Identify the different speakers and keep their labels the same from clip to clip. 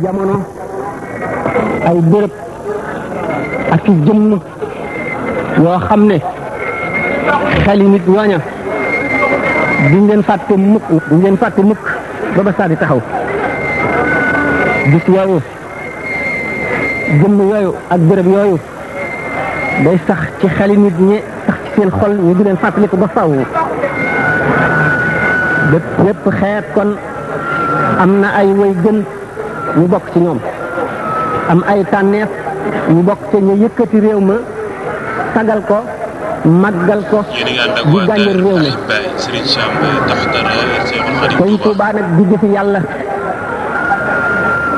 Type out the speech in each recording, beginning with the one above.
Speaker 1: jamono ay béréb ak i jëmm yoo xam ne xeli nit ñooña duñ leen fàtte mukk duñ leen ba ba saa di taxaw gis yooyu jëmm yooyu ak béréb yooyu sax ci xeli nit ñi sax ci seen xol ñu di leen fàttaliku ba faw bépp lépp xeet kon am na ay way gën ñu bokk ci ñoom am ay tànneef ñu bokk ci ñu yëkkati réew ma tagal ko màggal ko di gàññal réew mi sëñ Tuubaa nag di jëfi yàlla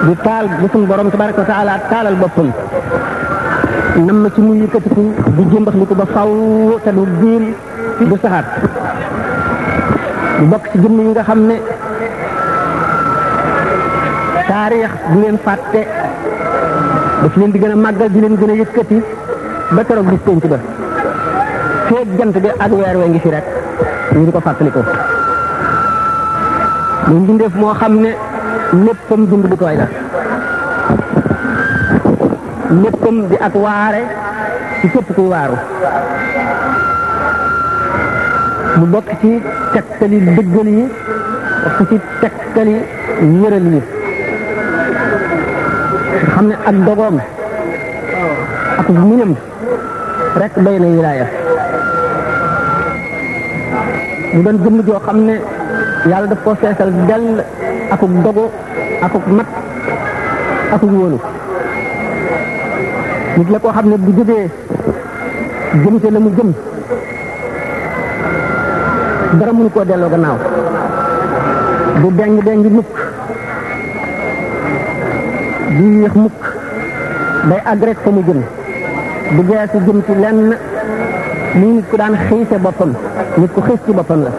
Speaker 1: di taal di suñ borom tabaraka wa taala boppam nam na ci muy yëkkatiku di jëmbax li ko ba faw te du diir du saxaat bu bokk ci jëmm yi nga xam ne taarix du leen fàtte daf leen di gën a màggal di leen gën a yëkkati ba keroog bis penc ba feeg jant bi ak weer we ngi fi rek ñu di ko fàttaliku mu mbindeef moo xam ne léppam dund bu tooy la léppam di ak waare ci képp kuy waaru mu bokk ci tegtali dëggal yi bokk ci tegtali wéral yi xam ne ak dogoom ak muñam rek doy na wilaaya mu doon jëmm joo xam ne yàlla def koo feesal dell akuk dogo akuk mat akuk wóolu nit la koo xam ne bu jógee jëm ca la mu jëm dara mënu koo delloo gannaaw du deng deng mukk du yéex mukk day àgg rek fa mu jëm du geesu jëm ci lenn lii nit ku daan xiise boppam nit ku xiis ci boppam la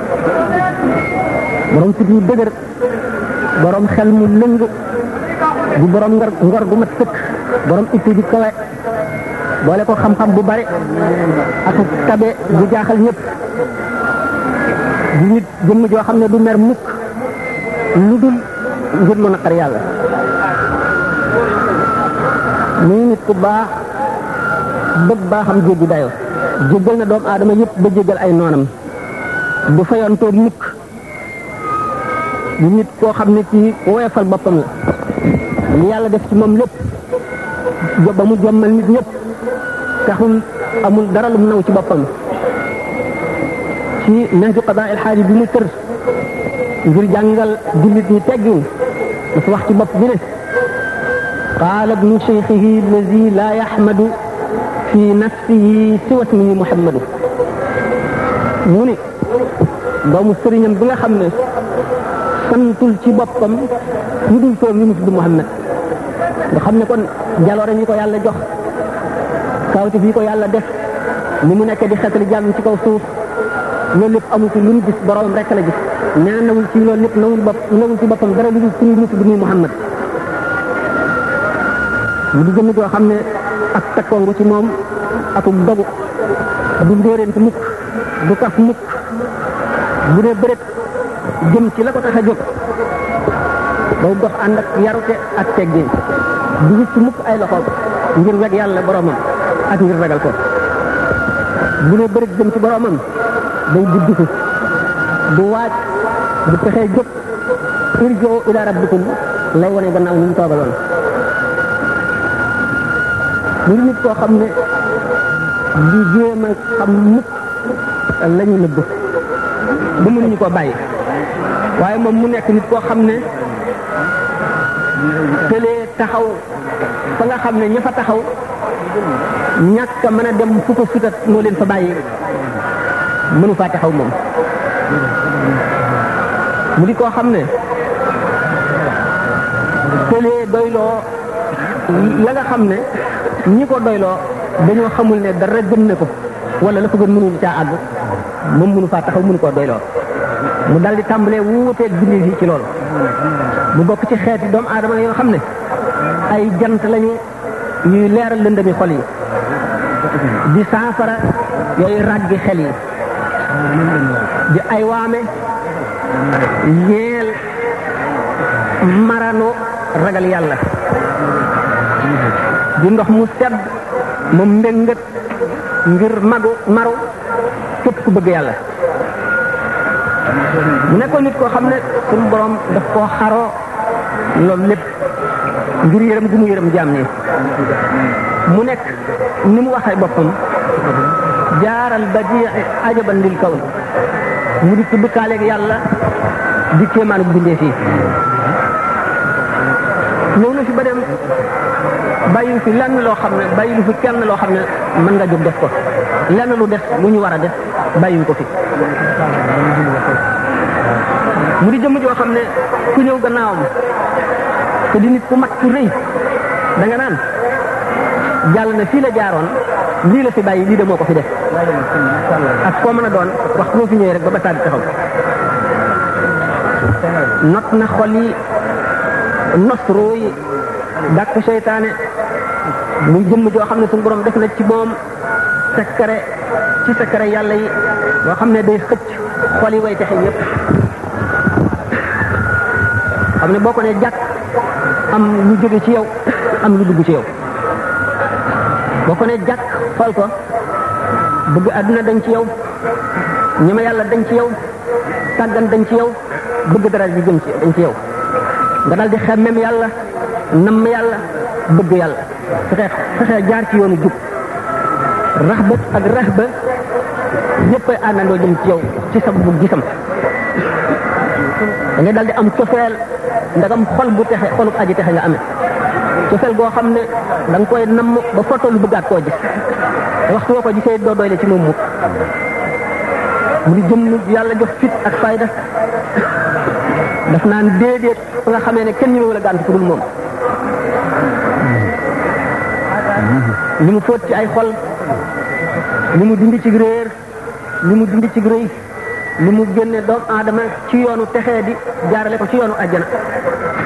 Speaker 1: borom fit yu dëgër borom xel mu lëng bu borom ngor ngor gu mat sëkk borom itti ju kawe boole ko xam-xam bu bare ak tabe bu jaaxal ñëpp di nit jëmm joo xam ne du mer mukk lu dul ngir lu yàlla muy nit ku baax bëgg baaxam jéggi dayo jéggal na doomu aadama yëpp ba jéggal ay noonam du fayantoo mukk di nit koo xam ne ci woyofal boppam la li yàlla def ci moom lépp ba mu jommal nit ñëpp taxul amul dara lu mu naw ci boppam ci nahju qadaa il xaaji bi mu tër ngir jàngal jullit ñi teggin dafa wax ci bapp bi ne qaala ibnu cheikhihi allazi laa yaxmadu fi nafsihi siwat mi muhammadu mu ne doomu sëriñam bi nga xam ne santul ci boppam lu dul toom yi mu tudd muhammad nga xam ne kon jaloore ñi ko yàlla jox kawti fii ko yàlla def li mu nekkee di xetali jàmm ci kaw suuf loolu lépp amu ci lu mu gis boroom rek la gis nee nawul ci loolu lépp nawul bopp nawul ci boppam dara lu dul suñu mu tudd muy muhammad mu di jëmm joo xam ne ak takkoo nga ci moom atum dogu du ndóoreent mukk du kaf mukk bu ne jëm ci la ko tax a jóg day dox ànd ak yarute ak teggin du wicc mukk ay loxoom ngir weg yàlla boromam ak ngir ragal ko bu ne jëm ci boromam day guddiku du waaj du pexee jóg irjoo ila rabbikum lay wone gannaaw ñu mu toogaloon ngir nit koo xam ne di jéem a xam mukk la nëbb ba mënuñu ko bàyyi waaye moom mu nekk nit koo xam ne tëlee taxaw fa nga xam ne ña fa taxaw ñàkk a mën a dem fu ko futat moo leen fa bàyyi mënu faa taxaw moom mu di koo xam ne tëlee doyloo la nga xam ne ñi ko doyloo dañoo xamul ne dara gën na ko wala la ko gën mënuñu caa àgg moom mënu faa taxaw mënu koo doyloo mu dal di tàmbalee wuuteeg bindee yi ci lool mu bokk ci xeeti doomu aadama yoo xam ne ay jant lañu ñuy leeral lëndami xol yi di saafara yooyu ràggi xel yi di ay waame ñeel marano ragal yàlla di ndox mu sedd mu mbëngët ngir magu maru képp ku bëgg yàlla mu nekkoon nit koo xam ne suñu borom daf koo xaroo loolu lépp ngir yërëm gu mu yërëm jaam ñi mu nekk ni mu wax waxee boppam jaaral ba ji ajaban lil mu di tudd kaaleeg yàlla di kéemaanu bindee fii ñëw na fi ba dem bàyyilu fi lenn loo xam ne bàyyilu fi kenn loo xam ne mën nga jóg def ko lenn lu def lu ñu war a def bàyyiwu ko fi mu di jëmm joo xam ne ku ñëw gannaawam te di ku mag ku rëy da nga naan jàll na fii la jaaroon lii la fi bàyyi lii de moo ko fi def ak koo mën a doon wax moo fi ñëwee rek ba ba tàgg taxaw not na xol nos roo yi seytaane muy jëmm joo xam ne suñu borom def na ci moom secret ci secret yàlla yi yoo xam ne day xëcc xol yi way texe ñëpp xam ne boo ko nee jàkk am lu jóge ci yow am lu dugg ci yow boo ko nee jàkk xool ko bëgg àdduna dañ ci yow ñeme yàlla dañ ci yow tàggan dañ ci yow bëgg dara ji jëm ci dañ ci yow nga daal di xemmem yàlla namm yàlla bëgg yàlla fexe fexe jaar ci yoonu jub raxba ak raxba ñëpp a àndandoo jëm ci yow ci sa bu gisam da ngay di am cofeel ndagam xol bu texe xolu aji texe nga amee cofeel goo xam ne da koy nam ba foto lu bëggaat koo ji te waxtu woo ko gisee doo doyle ci moom mukk mu di jëm yàlla jox fit ak fayda daf naan déedéet ba nga xamee ne kenn ñëwee la gànt ku dul moom li mu fóot ci ay xol li mu dindi ci réer li mu ci rëy li mu génne doomu aadama ci yoonu texe di jaarale ko ci yoonu àjjana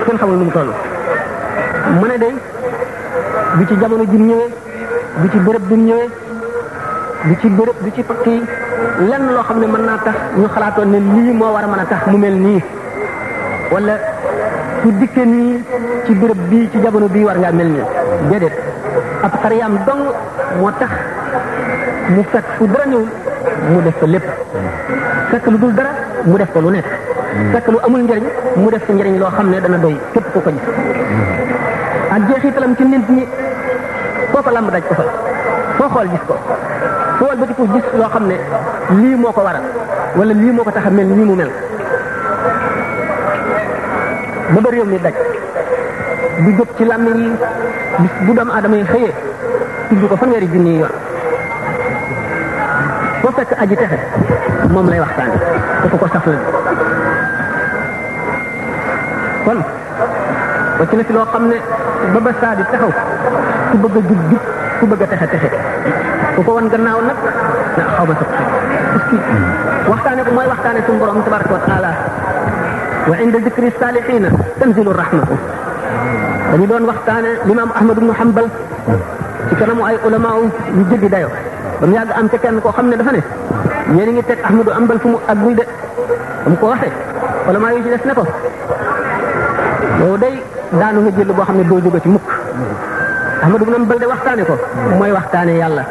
Speaker 1: kenn xam nu mu toll mu ne day bu ci jamono ji ñëwee bi ci bërëb bi ñëwee bi ci bërëb bi ci pakk yi lenn loo xam ne mën naa tax ñu xalaatoon ne lii moo war a mën a tax mu mel nii wala su dikkee nii ci bërëb bii ci jamono bii war ngaa mel nii déedéet ab xariyaam dong moo tax mu fekk fu dara ñëwul mu def ko lépp fekk lu dul dara mu def ko lu nekk fekk lu amul njëriñ mu def ko njëriñ loo xam ne dana doy képp ko ko gis ak jeexitalam ci nit ñi foo ko lamb daj ko fa foo gis ko foo wal bëti ko gis loo xam ne lii moo ko waral wala lii moo ko tax a mel nii mu mel ba ba réew mi daj du jóg ci làmmiñ bu doomu aadama yi xëyee tudd ko fanweeri junni yoon boo fekk aji texe moom lay waxtaane dafa ko saf la kon wacc na fi loo xam ne ba ba saa di taxaw ku bëgg a jub jub ku bëgg a texe texe ku ko wan gannaaw nag na xaw ma sax waxtaane ko mooy waxtaane suñu borom tabaraka wa taala wa inda zikri saalihiina tanzilu rahmatu dañu doon waxtaane limaam Ahmad ibnu Hanbal ci kanamu ay ulama yu jéggi dayo ba mu yàgg am ca kenn koo xam ne dafa ne ñeen ngi teg Ahmadu Hanbal fu am àggul de ba mu ko waxee ulama yu ci des ne ko yow day daanu nga jël boo xam ne doo jóge ci mukk Ahmadu ibnu Hanbal de waxtaane ko mooy waxtaane yàlla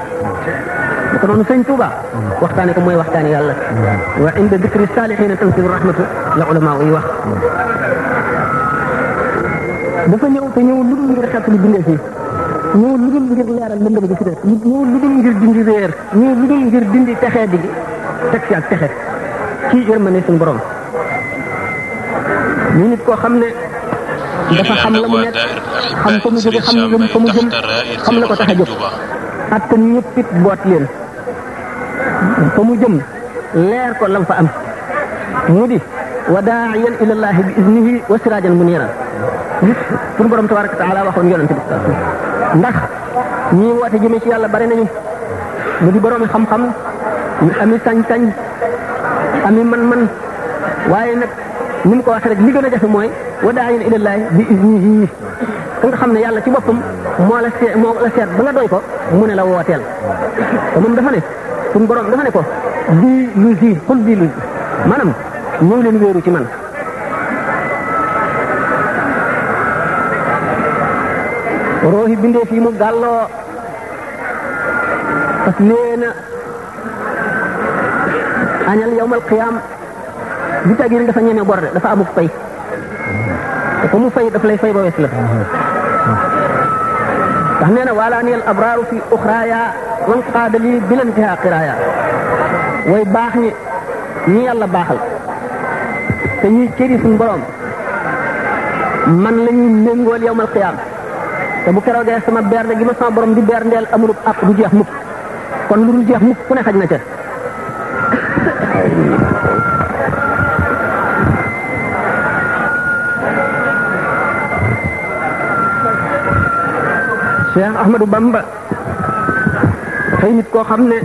Speaker 1: ko noonu sëñ Touba waxtaane ko mooy waxtaane yàlla wa inda dikri saalihiina tanzilu rahmatu la ulama yi wax dafa ñëw te ñëw lu dul ngir xepp li bindee fii ñëw lu dul ngir gi fi def ñëw lu dul ngir dindi réer ñëw lu dul ngir dindi texee di teg ci ak texe ci yërmande suñu borom ñu nit koo xam ne dafa xam la mu nekk
Speaker 2: xam mu jóge xam fa mu jëm xam la ko tax a jóg
Speaker 1: attan ñëpp it leen fa mu jëm leer ko lam fa am mu di wa daa'iyan ilallaahi bi iznihi wa siraajan muniiran li suñu borom tabaraka taala waxoon yonente bi ndax ñii woote jëme ci yàlla bari nañu mu di boroomi xam-xam ñu ami sañ-sañ ami man-man waaye nag ni mu ko waxee rek li gën jafe mooy wa daayin ilallahi bi isnihi yi ka xam ne yàlla ci boppam moo la seet moo la seet ba nga doy ko mu ne la wooteel te moom dafa ne suñu borom dafa ko bii lu si xul bii lu maanaam ñëw leen wéeru ci man roohi bindee fii mu gàlloo fas yéene añal yawmal qiyaam du tagir dafa ñeme bor de dafa amuk fay te ko mu fay daf lay fay ba wes la ndax nee na waalaaniyal abraaru fi uxraaya wan qaadali bilan fiha qiraaya way baax ñi ñi yàlla baaxal te ñuy cëri suñu borom man la ñuy méngool yawmal te bu keroogee sama bernde gi ma sama borom di berndeel amulub ak du jeex mukk kon lu dul jeex mukk ku ne xaj na ca Cheikh Ahmadou Bamba xëy nit koo xam ne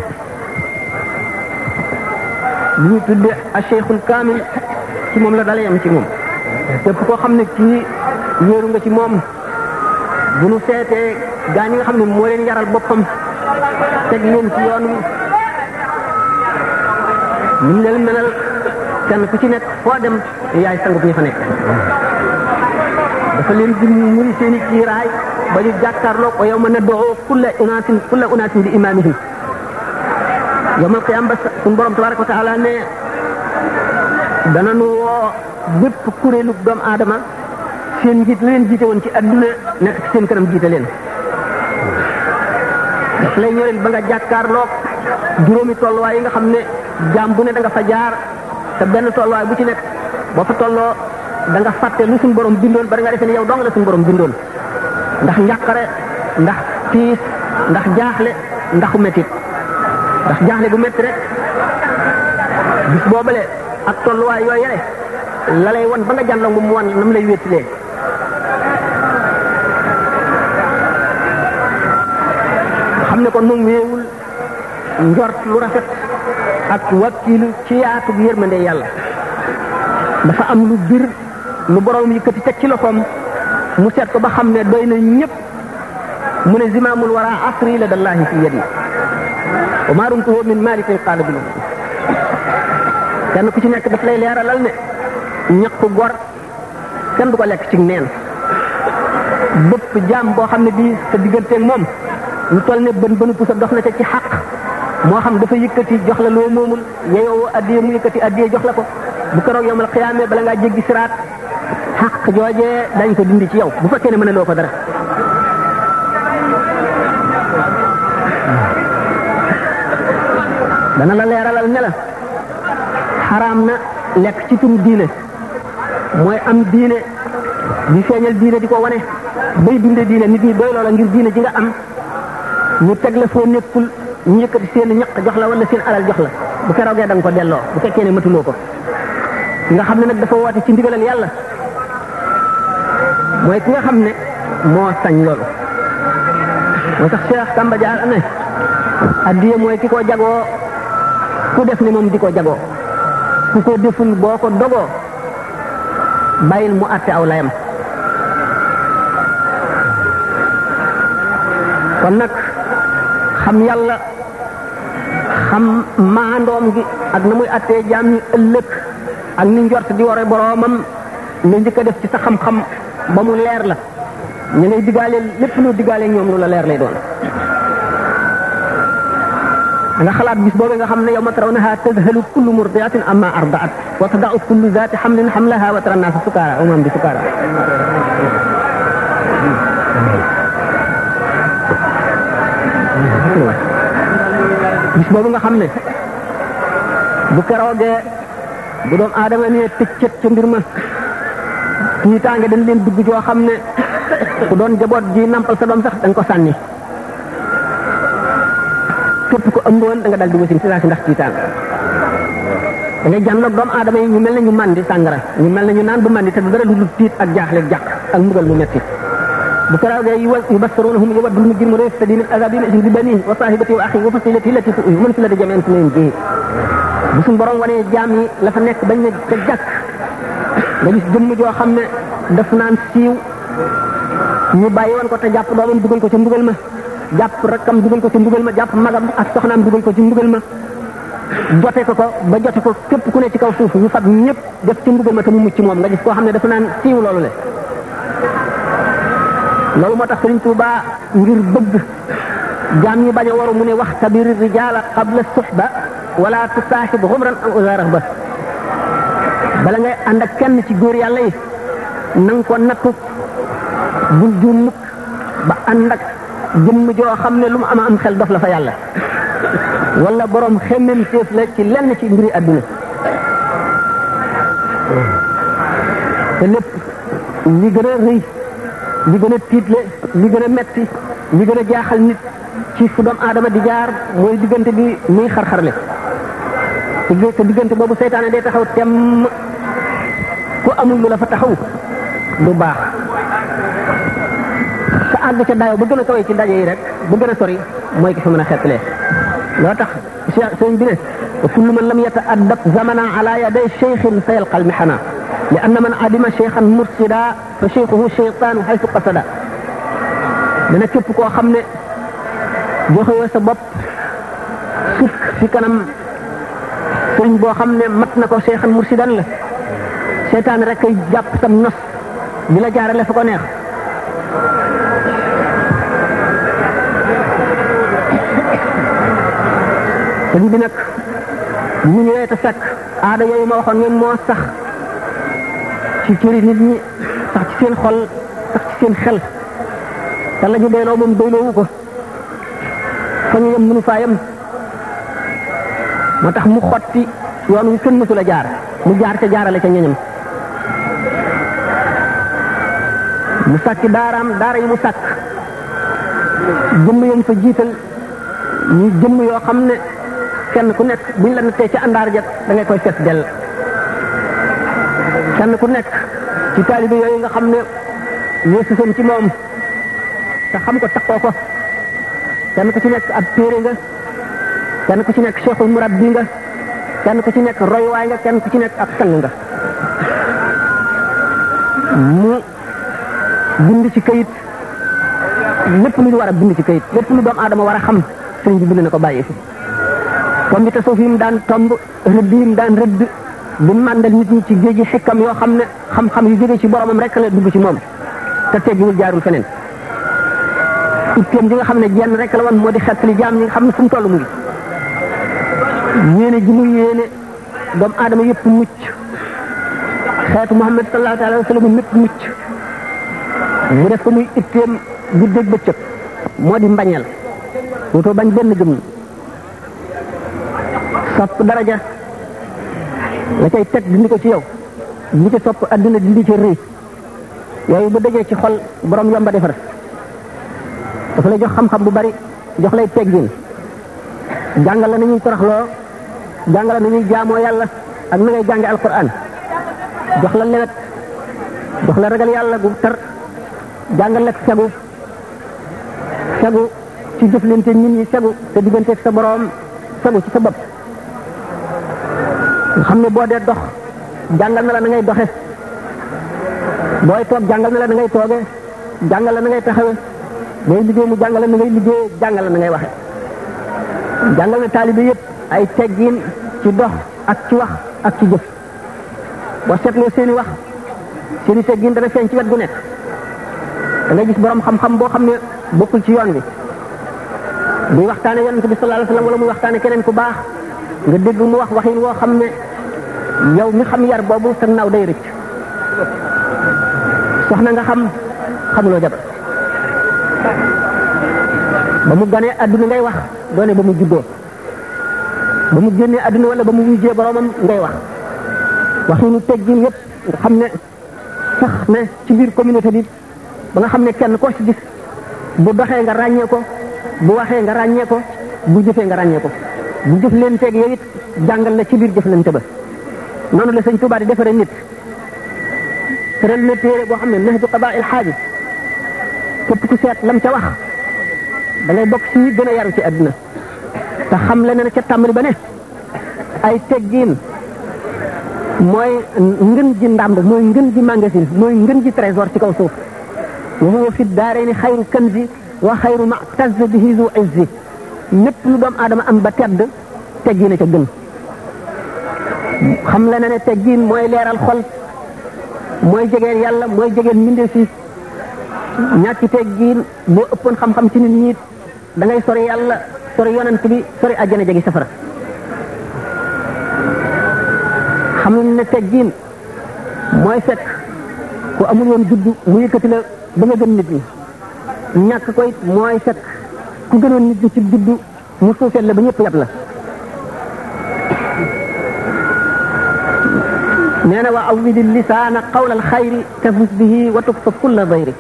Speaker 1: li ñu a Cheikhul Kaamil ci moom la dalee am ci moom képp koo xam ne kii wéeru nga ci moom bu nu seetee gaa ñi nga xam ne moo leen yaral boppam teg leen ci yoonu ñu leen melal kenn ku ci nekk foo dem yaay sangub ñi nekk dafa leen di seeni kiiraay ba ñu jàkkaarloo wa yawma nad'u kulla unaasin kulla unaasin bi imaamihim yawmal qiyaam ba suñu borom tabaaraka wa taala ne dana nu woo bépp kuréelu doomu aadama seen njiit leen jiite woon ci adduna nekk ci seen kanam jiite leen daf lay ñoreel ba nga jàkkaarloog juróomi tolluwaay yi nga xam ne jaam bu ne da nga jaar te benn tolluwaay bu ci nekk boo fa tolloo da nga fàtte lu suñu borom bindoon bari nga defee ne doo dong la suñu borom bindoon ndax njàqare ndax tiis ndax jaaxle ndaxu metit ndax jaaxle bu metti rek bis boobale ak tolluwaay yooyu yële la lay wan ba nga jàlloo mu wan nam lay wéttilee ne kon moom weewul njort lu rafet ak wakkiilu ci yaatu yërmande yàlla dafa am lu bir lu borom yëkkati teg ci loxoom mu seet ko ba xam ne doy na ñëpp mu ne zimaamul wara asri la dallahi fi yadi wa maa rumtuhu min malikin qaala bi kenn ku ci nekk daf lay leeralal ne ñaqu du ko lekk ci neen jaam boo xam ne bii sa digganteeg moom lu toll ne bën bënu pusa dox na ca ci xaq moo xam dafa yëkkati jox la loo moomul yeyoo addiyee mu yëkkati addiyee jox la ko bu keroog yomal xiyaamee bala ngaa jéggi siraat xaq joojee dañ ko dindi ci yow bu fekkee ne mën a loo ko dara dana la leeralal ne la na lekk ci turu diine mooy am diine di feeñal diine di ko wane bay dundee diine nit ñi doy loola ngir diine ji nga am ñu teg la foo nekkul ñu yëkkati seen i ñaq jox la wala seen alal jox la bu keroogee da ko delloo bu fekkee ne matuloo ko nga xam ne nag dafa woote ci ndigalal yàlla mooy ki xam ne moo sañ loolu moo tax Cheikh Samba Diar ne addiya mooy ko jagoo ku def ne moom di ko jagoo ku ko deful boo ko dogoo bàyyil mu àtte aw layam kon nag xam yàlla xam maandoom gi ak na muy attee jaam ñi ëllëg ak ni njort di ware boroomam nga njëkk def ci sa xam-xam ba mu leer la ñu ngay lépp lu diggaale ñoom la leer lay doon nga xalaat bis boobu nga xam ne yawma tarawnaha tadhalu kullu murdiatin amma ardaat wa tadau kullu zaati xam hamlaha wa tara naasa sukaara wa ma hum bi sukaara bis boobu nga xam ne bu keroogee bu doom aadama nee tëccët ca mbir ma tiitaange dañ leen dugg joo xam ne ku doon jaboot ji nampal sa sax da ko sànni képp ko ëmboon da nga dal di wasin si saa si ndax tiitaange da ngay jànloog doomu aadama yi ñu mel ne ñu màndi sàngara ñu mel ne ñu naan bu màndi te du dara lu tiit ak jaaxle jàq ak mbugal mu metti bu karaagee yu yu bassaruunahum yawaddu al-mujrimu law yaftadi min azaabi yawma'izin bi baniihi wa saahibatihi wa axiihi wa fasilatihi allatii min filati jamii'an min bii bu suñu borom wanee jaam yi la fa nekk bañ ne ca jàkk nga gis joo xam ne daf naan siiw ñu bàyyi ko te jàpp doomam dugal ko ca mbugal ma jàpp rakkam dugal ko ca mbugal ma jàpp magam ak soxnaam dugal ko ci mbugal ma jote ko ko ba jote ko képp ku ne ci kaw suuf yu fab ñëpp def ci mbugal ma te mu mucc moom nga gis koo xam ne dafa naan siiw loolu le loolu moo tax Sëriñ Tuuba ngir bëgg jaam ñi bañ a waru mu ne i rijaala qabla suhba wala tusaaxib xumran am usaarax ba bala ngay ànd kenn ci góor yàlla yi na nga ko nattu bul ba ànd ak xam ne lu ama am xel dof la fa yàlla wala borom xemmem séef la ci lenn ci mbiri àdduna te lépp li gën a li gën a tiitle li gën a metti li gën a jaaxal nit ci fu doom aadama di jaar mooy diggante bi muy xar-xarle te diggante boobu seytaane day taxaw temm ku amul lu la fa taxaw lu baax sa àgg ca dayoo ba gën a kawee ci ndaje yi rek ba gën a sori mooy ki fa mën a xettalee loo tax sëñ bi ne kullu man lam yata addab zamana ala yaday cheikhin mi xanaa li anna man adima cheikhan mursida fa cheikhuhu cheytaanu xaytu qasada dana képp koo xam ne joxewee sa bopp sikk si kanam sëriñ boo xam ne mat na ko cheikhan mursidan la seytaan rek ay jàpp sam nos di la jaarale fa ko neex sëriñ bi nag ñu ñëwee te fekk aada yooyu ma waxoon ngeen moo sax ci cëri nit ñi sax ci seen xol sax ci seen xel yàlla ñu doyloo moom doyloowu ko fa ñu yem mënu faa yem moo tax mu xotti yoon wi kenn mësul a jaar mu jaar ca jaarale ca ñoñam mu sàkki daaraam daara yi mu sàkk jëmm yom fa jiital ñu jëmm yoo xam ne kenn ku nekk buñ la nattee ca àndaar ja da ngay koy fees dell kenn ku nekk ci taalibe yooyu nga xam ne yeesusoon ci moom te xam ko takkoo ko kenn ku ci nekk ab téere nga kenn ku ci nekk cheikhul murabbi nga kenn ku ci nekk roywaay nga kenn ku ci nekk ab sang nga mu bind ci kayit lépp lu ci kayit lépp lu doomu aadama war a xam sëriñ na ko bàyyi fi comme bi tasawuf yi mu daan tomb rëdd yi mu daan rëdd bu màndal nit ñi ci géeji xikkam yoo xam ne xam-xam yu jóge ci boromam rek la dugg ci moom te teggiwul jaarul feneen itteem ji xam ne jenn rek la woon moo di xettali jaam ñi nga xam ne fu mu toll mu ngi yéene ji mu yéene doomu aadama yëpp mucc xeetu Muhammad sallallahu alayhi mépp mucc mu def ko muy itteem bu dégg bëccëg moo di mbañal wutoo bañ benn gëm sopp daraja la cay teg dindi ko ci yow bu ko topp adduna dindi ci rëy yooyu ba dajee ci xol borom yomba defar dafa lay jox xam-xam bu bari jox lay teggin jàngal la na nañuy loo jàngal la ñuy jaamoo yàlla ak na ngay jànge alquran jox la lewet jox la ragal yàlla gu tar jàngal ak segu segu ci jëflante nit ñi segu te digganteeg sa borom segu ci sa bopp nga xam ne boo dee dox jàngal na la na ngay doxe booy toog jàngal na la na ngay tooge jàngal la na ngay taxawe ngay liggéey mu jàngal la na ngay liggéey jàngal la na ngay waxe jàngal na taalibe yëpp ay teggiin ci dox ak ci wax ak ci jëf boo seetloo seen wax seen i teggiin dana feeñ ci wet gu nekk da gis borom xam-xam boo xam ne bokkul ci yoon bi muy waxtaane yonent bi sallallahu alayhi wasallam wala muy waxtaane keneen ku baax nga dégg mu wax waxin woo xam ne yow mi xam yar boobu sa naaw day rëcc soxna nga xam xamuloo jabar ba mu ganee adduna ngay wax doone ba mu juddoo ba mu génnee adduna wala ba mu wujjee boromam ngay wax waxinu teggin yëpp nga xam ne sax ne ci biir communauté bi ba nga xam ne kenn koo ci gis bu doxee nga ràññee bu waxee nga ràññee ko bu jëfee nga ràññee ko bu jëflanteeg yow it jàngal na ci biir jëflante ba noonu la sëñ Tuubaa di defare nit tëral na téere boo xam ne Nahju Qadaa'il Haajat képp ku seet lam ca wax da ngay bokk ci gën a yaru ci àdduna te xam la ca tàmbali ba ne ay teggiin mooy ngën ji ndàmb mooy ngën ji magasin mooy ngën ji trésor ci kaw suuf wa huwa fi daarayni xayru kanzi wa xayru ma tazza bihi zu izzi lépp lu doomu aadama am ba tedd teggiin a ca gën xam la ne teggiin mooy leeral xol mooy jegeel yàlla mooy jegeel mbindee fi ñàkki teggiin boo ëppoon xam ci nit ñi da yàlla sori yonent bi sori àjjana jegi safara xam nañ ne mooy fekk ku amul woon juddu mu ñàkk ko mooy fekk ku gënoon nit ñi ci juddu mu suufeel la ba ñëpp yab la nee na wa awwidi lisaana qawla alxayri tafus bihi wa tukfa kulla dayri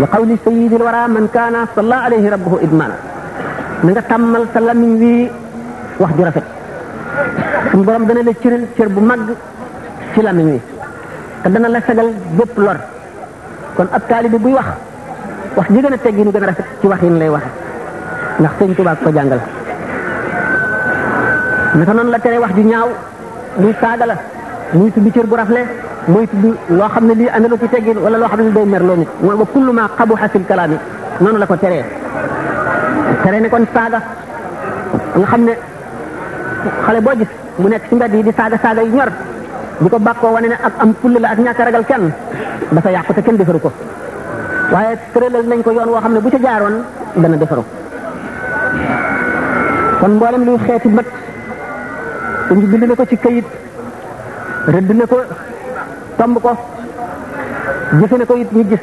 Speaker 1: wa qawli sayidi alwara man kaana salla alayhi rabbuhu idmana na nga tàmmal sa lamiñ wi wax ju rafet suñu borom dana la cëral cër bu mag ci lamiñ wi te dana la sagal bépp lor kon ab taalibi buy wax wax ji gën a teggi nu gën a rafet ci wax waxin lay waxe ndax sëñ Tuubaa ko jàngal naka noonu la tere wax ju ñaaw muy saaga la muy tudd cër bu rafle muy tudd loo xam ne lii andalu ci teggin wala loo xam ne day merloo nit mooy wa kullu ma xabu xasil kalaami noonu la ko tere tere ne kon saaga nga xam ne xale boo gis mu nekk ci mbedd yi di saaga saaga yu ñor di ko bàkkoo wane ne ak am fulla la ak ñàkk ragal kenn dafa yàqu te kenn defaru ko waaye tëralal nañ ko yoon woo xam ne bu ca jaaroon dana defaru kon mboolem luy xeeti mat suñ bind na ko ci kayit rëdd na ko tomb ko jëfe na ko it ñu gis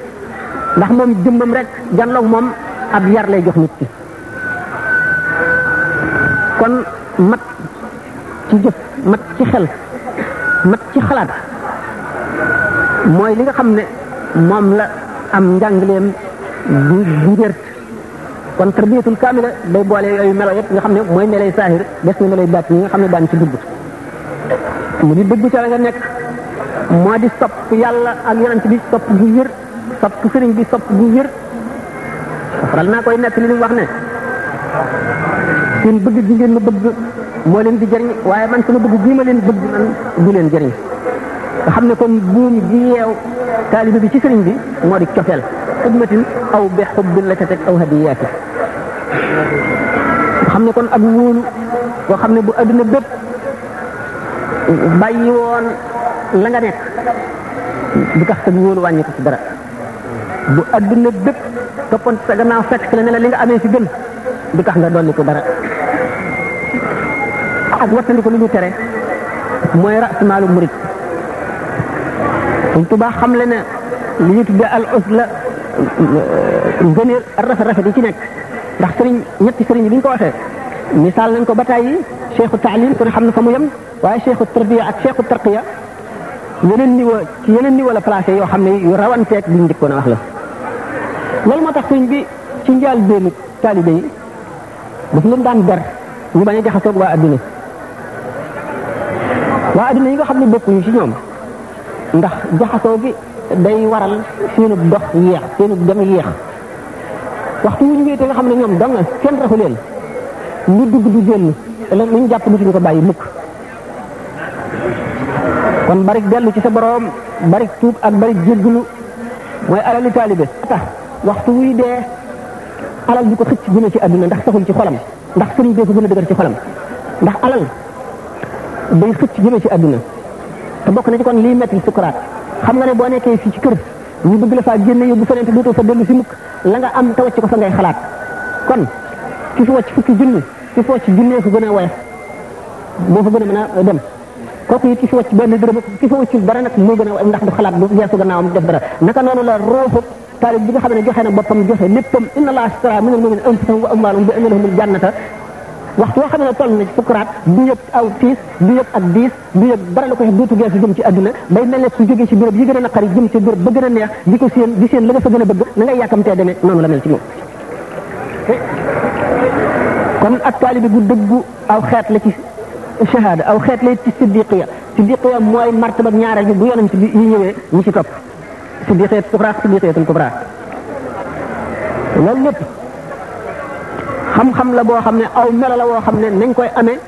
Speaker 1: ndax moom jëmmam rek janloog moom ab yar lay jox nit ki kon mat ci jëf mat ci xel mat ci xalaat mooy li nga xam ne moom la am njàngaleem du du kon tarbiyatul kaamila day boole yooyu melo yëpp nga xam ne mooy melay saahir des na melay baat yi nga xam ne daan ci dugg mu di dugg ca la nga nekk moo di sopp yàlla ak yonent bi sopp gu wér sopp sëriñ bi sopp gu wér faral naa koy nekk li mu wax ne seen bëgg gi ngeen ma bëgg moo leen di jëriñ waaye man sama bëgg gii ma leen bëgg man du leen jëriñ nga xam ne kon buum gi yeew taalibe bi ci sëriñ bi moo di cofeel xidmatin aw bi xubbin la ca teg aw hadiyaati xam ne kon ak wóolu boo xam ne bu adduna bépp bàyyi woon la nga nekk du tax sa wóolu wàññi ko ci dara bu adduna bépp toppante sa gannaaw fekk la la li nga amee ci gën bu tax nga doon dolli ko dara ak wattandiku lu ñu tere mooy rasmaalu murit Sëñ Tuubaa xam la ne li ñu tuddee al usla ngëneel rafet rafet yi ci nekk ndax sëriñ ñetti sëriñ bi ko waxee misaal nañ ko ba tàyyi cheikhu taalim kon xam na fa mu yem waaye cheikhu tarbiya ak cheikhu tarqiya yeneen niveau ci yeneen niveau la yoo xam ne yu rawanteeg liñ njëkkoon a wax la. loolu moo tax sëriñ bi ci njaal benn taalibe yi daf leen daan ber ñu bañ a jaxasoog waa adduna waa adduna yi nga xam ne bokkuñu ci ñoom ndax jaxasoo gi day waral seenub dox yéex seenub dem yéex. waxtu wu ñu te nga xam ne ñoom dong kenn raxu leen lu dugg du génn la lu ñu jàpp mësuñu ko bàyyi mukk kon barik dellu ci sa boroom barik tuub ak barik jégglu mooy alali taalibe tax waxtu wuy dee alal bi ko xëcc gën ci àdduna ndax taxul ci xolam ndax sëriñ bee ko gën a dëgër ci xolam ndax alal day xëcc gën a ci àdduna te bokk na ci kon liy metti sukuraat xam nga ne boo nekkee fii ci kër ñu bëgg la faa génne yóbbu feneen te dootoo fa dellu si mukk la nga am te wàcc ko fa ngay xalaat kon ki fi wàcc fukki junni ki fi wàcc junnee ko gën a woyof moo fa gën a mën a dem kooku it ki fi wàcc benn dërëm dara nag gën a ndax du xalaat du geesu gannaawam def dara naka noonu la ruuxu taalib bi nga xam ne joxe ne boppam joxe léppam inna allaha ashtara minal mu'minina anfusahum wa amwalahum bi anna lahumul jannata waxtu woo xam ne toll na ci sukuraat du yëg aw tiis du yëg ak diis du ko dootu geesu jëm ci àdduna bay mel ne su ci béréb yi gën a naqari jëm ci béréb ba gën a neex di ko séen di séen la nga fa gën a bëgg na ngay yàkkamtee demee noonu la mel gu aw xeet la ci shahada aw xeet la ci siddiqiya siddiqiya mooy martaba ñaareel bi bu yonent bi yi ñëwee ñi ci topp siddiqiya kubra siddiqiya kubra loolu lépp xam-xam la boo xam ne aw melo la woo xam ne nañ koy amee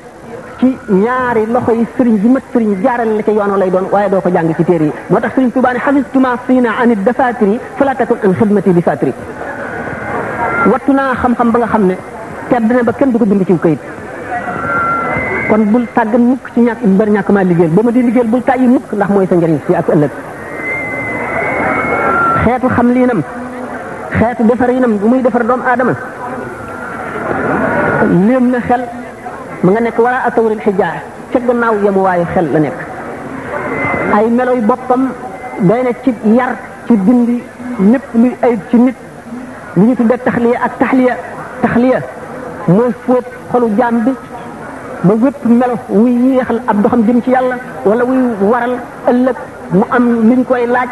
Speaker 1: ci ñaari loxo yi sëriñ bi mat sëriñ jaarale la ca yoon lay doon waaye doo ko jàng ci téere yi moo tax sëriñ Tuubaa ne xafistuma fiina anit dafatiri fala takun an xidmati bi fatiri wattu naa xam-xam ba nga xam ne tedd na ba kenn du ko dund ci kayit kon bul tàggan mukk ci ñàkk mbër ñàkk maa liggéey ba ma di liggéeyal bul tàyyi mukk ndax mooy sa njëriñ fii ak ëllëg xeetu xam lii nam xeetu defar yi nam bu muy defar doomu aadama léem na xel mu nga nekk war a atawril xijaara ca gannaaw yemuwaayu xel la nekk ay meloy boppam day na ci yar ci dindi lépp luy ayib ci nit li ñu tuddee taxliya ak taxliya taxliya mooy fóot xolu jaam bi ba wépp melo wuy yéexal ab doxam jëm ci yàlla wala wuy waral ëllëg mu am liñ ay laaj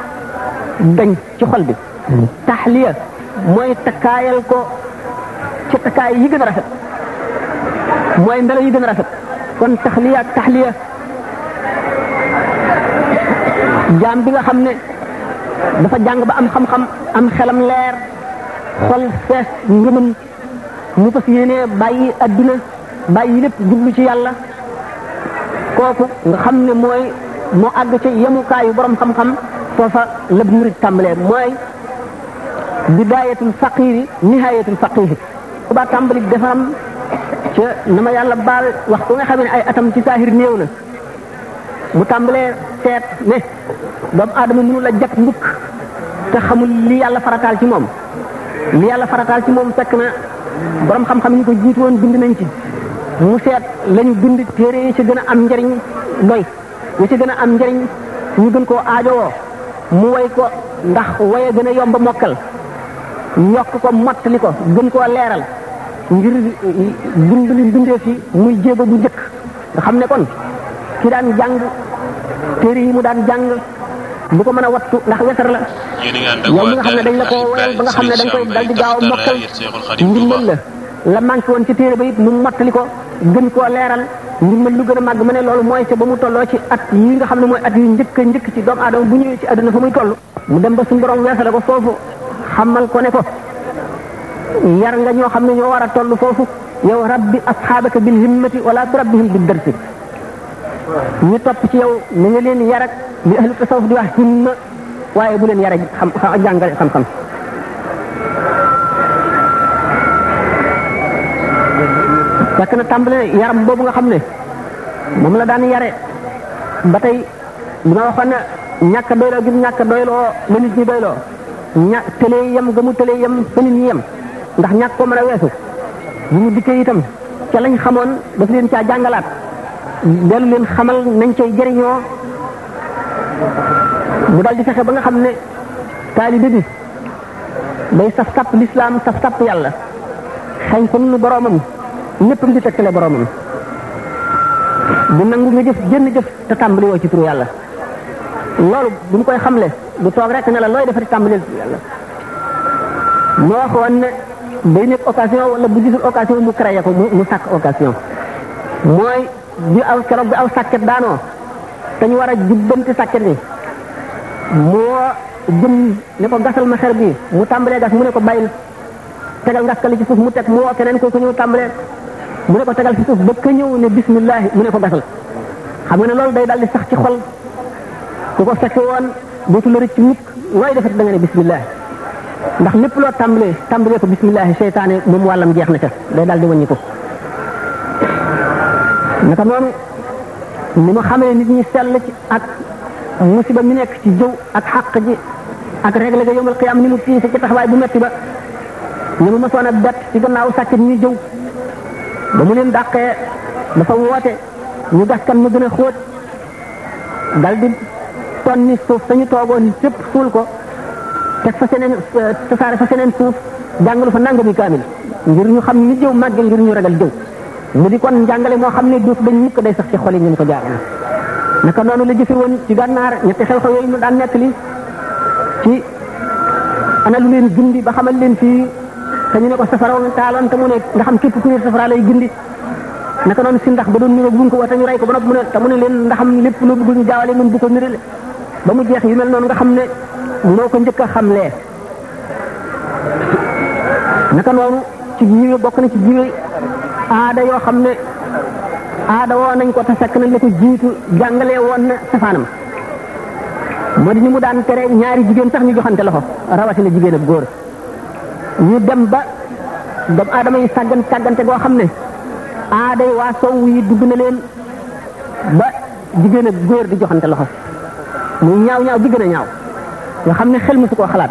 Speaker 1: dañ ci xol bi hmm. taxliya mooy takkaayal ko ci cuqikaay yi gën a rafet mooy mbelo yi gën a rafet kon taxliya ak taxliya jaam bi nga xam ne dafa jàng ba am xam-xam am xelam leer xol fees ngëmam mu fas yéenee bàyyi adduna bàyyi lépp jublu ci yàlla kooku nga xam ne mooy moo àgg ci yemukaayu borom xam-xam foofa la murid tàmbalee mooy bidaayatul faqiiri nihaayatul faqiiri Tuubaa tàmbali defaram ca na ma yàlla baal wax ko nga xam ne ay atam ci saahir néew na mu tàmbalee seet ne doomu aadama mënu la jat mbukk te xamul li yàlla farataal ci moom li yàlla farataal ci moom fekk na borom xam ko jiitu bind nañ ci mu seet lañu gund téere yi ci gën a am njariñ doy yi ci gën a am njariñ ñu gën koo aajowoo mu way ko ndax waye gën a yomba mokkal yokk ko mottali ko gën koo leeral ngir bind li bindee fi muy jéego bu njëkk xam ne kon ki daan jàng téere yi mu daan jàng bu ko mën a wattu ndax wetar la
Speaker 2: yow mi nga xam ne dañ la ko ba nga xam ne dañ koy dal di gaaw a mokkal
Speaker 1: ndimbal la la manqué woon ci téere ba it mu mottali ko gën koo leeral ndimbal lu gën a màgg ma ne loolu mooy ca ba mu tolloo ci at yi nga xam ne mooy at yu njëkk njëkk ci doomu aadama bu ñëwee ci àdduna fa muy toll mu dem ba suñu weesale ko foofu xamal ko ne ko yar nga ñoo xam ne ñoo war a toll foofu yow rabbi asxaabaka bil himmati wala turabbihim bi dërsi ñu topp ci yow na nga leen yar ak li ahlu tasawuf di wax himma waaye bu leen yar ak xam jàngale xam-xam fekk na tàmbale yaram boobu nga xam ne moom la daan yare ba tey bi ma waxoon ne ñàkk doyloo gi ñàkk doyloo la nit ñi doyloo ña tëlee yem ga mu tëlee yem fa ndax ñàkk ko mën a weesu bu mu dikkee itam ca lañ xamoon daf leen caa jàngalaat dellu leen xamal nañ cay jëriñoo mu dal di fexe ba nga xam ne taalibe bi day saf sàpp lislaam saf sàpp yàlla xañ ko nu boroomam ñéppam di tekkale boroomam bu nangu nga jëf jënn jëf te tàmbali woo ci turu yàlla loolu bi mu koy xamle du toog rek ne la looy defati tàmbaleel yàlla moo waxoon ne day nekk occasion wala bu gisul occasion mu créé ko mu sàkk occasion mooy bi aw keroog bi aw sàkket daanoo te war a jubbanti sàkket bi moo jëm ne ko gasal ma xer bi mu tàmbalee gas mu ne ko bàyyil tegal ngas ka li ci suuf mu teg mu woo keneen ko ko ñëw tàmbalee mu ne ko tegal ci suuf ba ka ñëw ne bismillah mu ne ko gasal xam ne loolu day daldi sax ci xol ku ko fekke woon dootu mukk waaye defati da nga ne bismillah ndax lépp loo tàmbalee tàmbalee ko bismillah seytaane moom wàllam jeex na ca day daal di wàññi ko naka noonu ni mu xamee nit ñi sell ci ak musiba mi nekk ci jëw ak xàq ji ak réglé ga yomal xiyaam ni mu fii ci taxawaay bu metti ba ni mu mësoon a bet ci gannaaw sàccit ñuy jëw ba mu leen dàqee dafa woote ñu gas kan mu gën a xóot dal sonni suuf ñu toogoon lépp suul ko teg fa seneen euh, tasaare fa seneen suuf jàngalu fa nangami kaamil ngir ñu xam ni jëw màgge ngir ñu ragal jëw mu di kon njàngale moo xam ne duuf dañ mukk day sax ci xol yi ñu ko jaaral naka noonu la jëfe woon ci gànnaar ñu daan ci ana ñu ne ko safara woon taaloon te mu ne nga xam képp ku ne safara lay gindi naka noonu si ndax ba doon ñu ne buñ ko wax te ñu rey ko ba noppi mu ne te mu ne leen ndaxam lépp loo bëgg ñu jaawale ñun bu ko ba mu jeex yu mel noonu nga xam ne moo ko njëkk a xamlee naka noonu ci jiw bokk na ci aada yoo xam ne aada nañ ko nañ la ko jiitu jàngale woon na safaanam moo di ni mu daan tere ñaari jigéen sax ñu joxante loxo rawatina jigéen ak góor ñu dem ba doomu aadama yi sàggan sàggante goo xam ne aday waa soow yi dugg na leen ba jigéen ak góor di joxante loxo muy ñaaw ñaaw bi gën a ñaaw nga xam ne xel mësu ko xalaat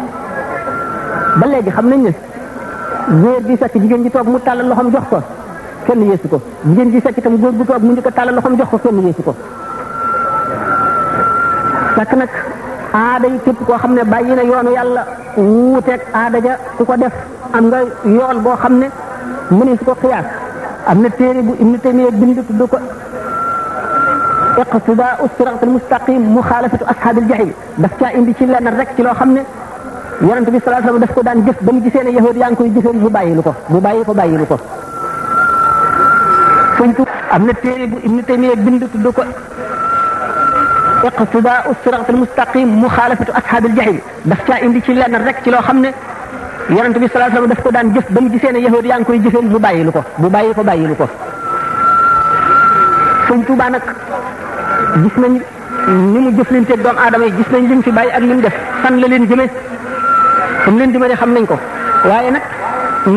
Speaker 1: ba léegi xam nañ ne góor bi sàcc jigéen ji toog mu tàllal loxoom jox ko kenn yeesu ko jigéen ji sàcc tam góor bu toog mu njëkk a tàllal loxoom jox ko kenn yeesu ko sàcc nag aada yi képp koo xam ne bàyyi na yoonu yàlla wuuteeg aada ja ku ko def am nga yool boo xam ne mu mënees ko xiyaas am na téere bu Ibnu Taymiya bind tudd ko iqtidaau siraat almustaqim muxaalafatu ashaabil jahim daf caa indi ci lenn rek ci loo xam ne yonent bi sallallahu alayhi wasallam daf ko daan jëf ba mu gisee ne yahud yaa ngi koy jëfee mu bàyyilu ko mu bàyyi ko bàyyilu ko. funtu am na téere bu Ibnu Taymiya bind tudd ko iqtidaau siraat almustaqim muxaalafatu ashaabil jahim daf caa indi ci lenn rek ci loo xam ne yonent bi sallallahu alayhi wasallam daf ko daan jëf ba mu gisee ne yahud yaa ngi koy jëfee mu bàyyilu ko mu bàyyi ko bàyyilu ko. Sëñ Tuubaa nag gis nañ ni mu jëflanteeg doomu aadama yi gis nañ lim fi bàyyi ak lim def fan la leen jëmee fa mu leen jëmee xam nañ ko waaye nag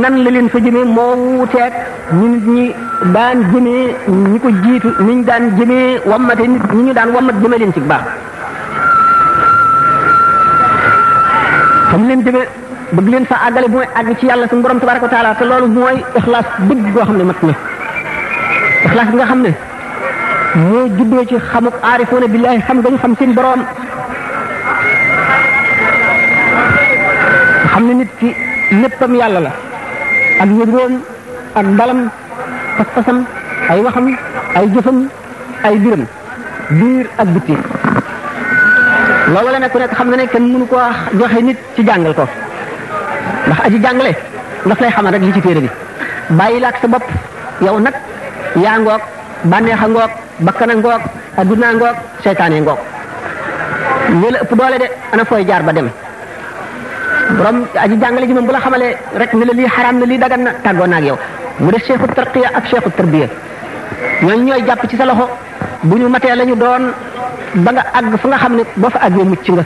Speaker 1: nan la leen fa jëmee moo wuuteeg ñu nit ñi daan jëmee ñi ko jiitu niñ daan jëmee wammate nit ñu daan wammat jëmee leen ci baax fa mu leen jëmee bëgg leen fa àggale bu mooy àgg ci yàlla suñu borom tabaraka wa taala te loolu mooy ixlaas dëgg goo xam ne mat na ixlaas nga xam ne ñoo juddoo ci xamuk aarifuuna billaahi xam gañu xam seen boroom xam na nit ki léppam yàlla la ak yëgoon ak mbalam pas-pasam ay waxam ay jëfam ay biram biir ak bitti loolu la ne ku xam na ne kenn mënu ko joxe nit ci jàngal ko ndax aji jàngale daf lay xamal rek li ci téere bi bàyyi nag yaa ngoog bànneexa ngoog bakkana ngoog adduna ngoog seytaane ngoog ñi la ëpp doole de ana fooy jaar ba dem borom aju jàngale ji moom bu la xamalee rek ne la lii xaraam na lii dagan na tàggoo yow mu de cheikhu tarqiya ak cheikhu tarbiya ñooñ ñooy jàpp ci sa loxo bu ñu matee la doon ba nga àgg fa nga xam ne boo fa àggee mucc nga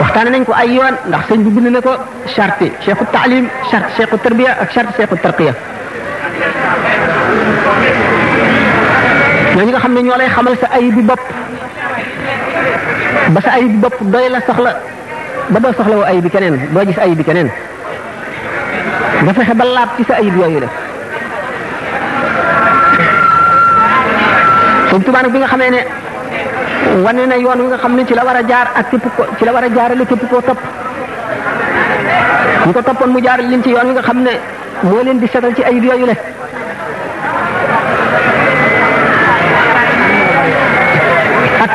Speaker 1: waxtaane nañ ko ay yoon ndax sëñ bi bind na ko charte cheikhu taalim charte cheikhu tarbiya ak charte cheikhu tarqiya ñooñu nga xam ne ñoo lay xamal sa ayib bi bopp ba sa ayib bi doy la soxla ba doo soxla woo ayib bi keneen doo gis ayib bi keneen nga fexe ba laab ci sa ayib yooyu la. Sëñ Tuubaa nag bi nga xamee ne wane na yoon wi nga xam ne ci la war a jaar ak képp ko ci la war a jaarale képp koo topp ñu ko toppoon mu jaar leen ci yoon wi nga xam ne moo leen di setal ci ayib yu la.